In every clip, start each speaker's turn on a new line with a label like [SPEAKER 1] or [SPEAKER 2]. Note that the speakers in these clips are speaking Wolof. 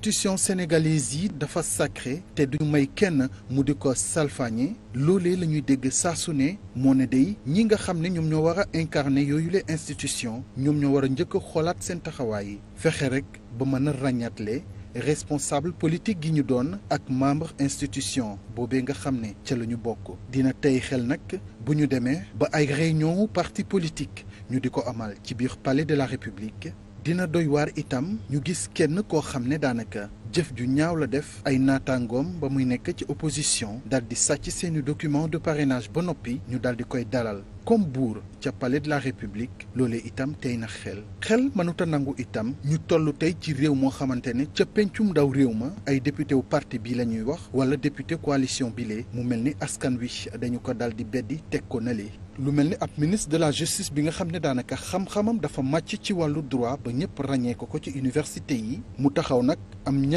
[SPEAKER 1] institution sénégalaise yi dafa sacré te duñu may kenn mu di ko salfaañe loole la ñuy dégg saa su ne moo ne day ñi nga xam ne ñoom ñoo war a incarner yooyu les institution ñoom ñoo war a njëkk a xoolaat seen taxawaay yi fexe rek ba mën a ràññaatle responsable politique gi ñu doon ak membre institution boobee nga xam ne ca la ñu bokk dina tey xel nag bu ñu demee ba ay réunion parti politique ñu di ko amal ci biir palais de la république dina doy waar itam ñu gis kenn koo xam ne daanaka jëf ju ñaaw la def ay naataangoom ba muy nekk ci opposition dal di sàcc seeni document de parrainage ba noppi ñu dal di koy dalal comme buur ca palais la république loole itam tey na xel xel mënuta nangu itam ñu toll tey ci réew moo xamante ne ca pencum ndaw réew ma ay député wu parti bi la ñuy wax wala député coalition bi lee mu mel ni askan wi dañu ko dal di beddi teg ko na lee lu mel ni ab ministre de la justice bi nga xam ne daanaka xam-xamam dafa màcc ci wàllu droit ñëpp ràññee ko ci université yi mu taxaw nag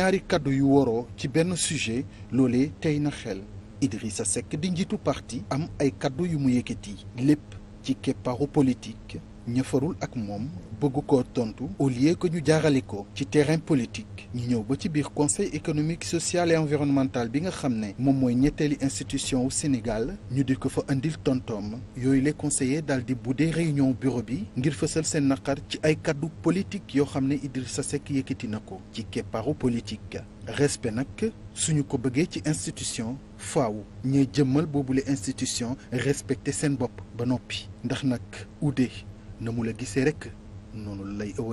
[SPEAKER 1] ñaari kàddu yu waroo ci benn sujet loole tey na xel sa Seck di njiitu parti am ay kàddu yu mu yëkkati lépp ci keppaaru politique ñëfarul ak moom bëgg ko tontu au lieu que ñu jaarale ko ci terrain politique ñu ñëw ba ci biir conseil économique social et bi nga xam ne moom mooy ñetteeli institution wu Sénégal ñu di ko fa indil tontoom yooyu les conseillers daal di buddee réunion bureau bi ngir fësal seen naqar ci ay kaddu politique yoo xam ne Idrissa sa yëkkati na ko ci kepparu politique respect nag suñu ko bëggee ci institution faaw ñee jëmmal boobule institution respecté seen bopp ba noppi ndax nag ude na mu la gisee rek noonu lay ëwal